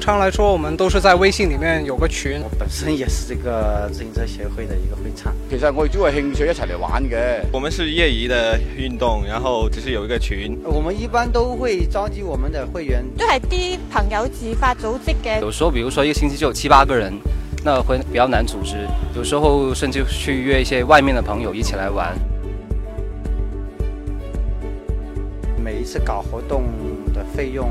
通常來說，我們都是在微信裏面有個群。我本身也是這個自行車協會的一個會長。其實我主要興趣一起來玩嘅。我們是業餘的運動，然後只是有一個群。我們一般都會召集我們的會員，都係啲朋友自發組織嘅。有時候，比如說一個星期就有七八個人，那會比較難組織。有時候甚至去約一些外面的朋友一起來玩。每一次搞活動的費用。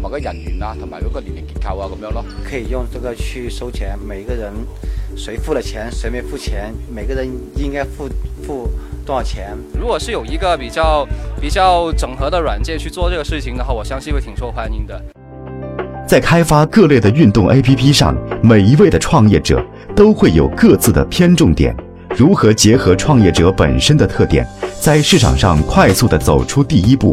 同埋人員啊，同埋嗰個年齡結構啊，咁樣咯。可以用這個去收錢，每個人誰付了錢，誰沒付錢，每個人應該付付多少錢。如果是有一個比較比較整合的軟件去做這個事情的話，我相信會挺受歡迎的。在開發各類的運動 APP 上，每一位的創業者都會有各自的偏重點。如何結合創業者本身的特點，在市場上快速地走出第一步？